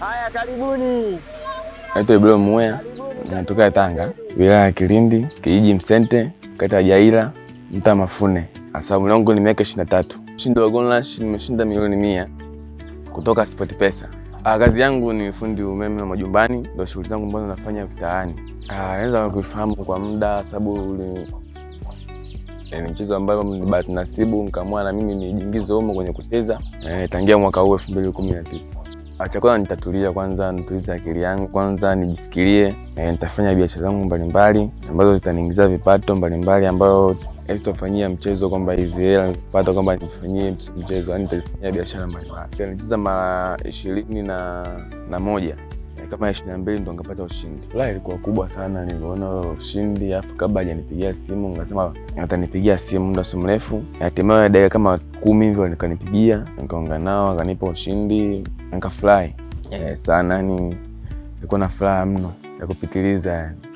Haya, karibuni. Naitwa Ibrahim Mwea, natoka Tanga, wilaya ya Kilindi, kijiji Msente, kata ya Jaila, mtaa Mafune. Asabu langu ni miaka tatu. Mshindi wa Gonlash nimeshinda milioni mia kutoka SportPesa. Ah, kazi yangu ni fundi umeme wa majumbani, ndio shughuli zangu ambazo nafanya mtaani. Ah, naweza kuifahamu kwa muda sababu uli eh, ni mchezo ambao ni bahati nasibu nkamua na mimi nijiingize humo kwenye kucheza eh, tangia mwaka huu 2019. Acha kwanza nitatulia kwanza, nitulize akili yangu kwanza, nijifikirie e, nitafanya biashara zangu mbalimbali ambazo zitaniingiza vipato mbalimbali ambayo sitofanyia mchezo kwamba hizi hela nipata kwamba nifanyie mchezo, yani nitafanyia biashara mbalimbali. Nilicheza mara ishirini na, na moja kama ishirini na mbili ndo ngapata ushindi. Furaha ilikuwa kubwa sana nilivyoona ushindi, afu kabla hajanipigia simu nikasema atanipigia simu muda si mrefu. Hatimaye dakika kama kumi hivyo nikanipigia, nikaonga nao, akanipa ushindi, nikafurahi yeah, sana. Yani nilikuwa na furaha mno ya kupitiliza yani.